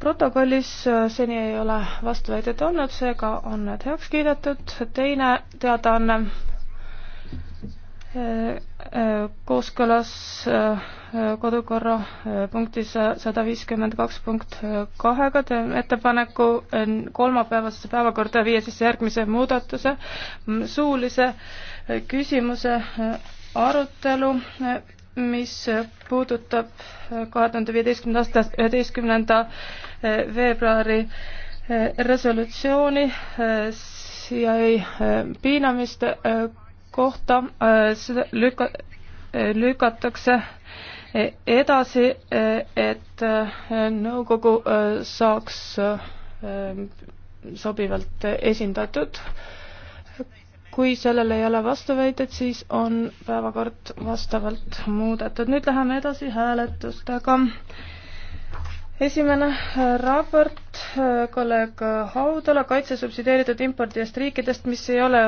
protokollis äh, seni ei ole vastuväidet olnud, seega on need heaks kiidetud. teine teadaanne äh, äh, kooskõlas kodukorra punktis sada viiskümmend kaks punkt kahega teen ettepaneku kolmapäevasesse päevakorda viia sisse järgmise muudatuse, suulise küsimuse arutelu mis puudutab kahe tuhande viieteistkümnenda aasta üheteistkümnenda eh, veebruari eh, resolutsiooni eh, CIA piinamiste kohta, seda lüka-, lükatakse edasi, et nõukogu saaks sobivalt esindatud kui sellele ei ole vastuväidet, siis on päevakord vastavalt muudetud. nüüd läheme edasi hääletustega. esimene äh, raport äh, kolleeg Haudala, kaitse subsideeritud impordi eest riikidest, mis ei ole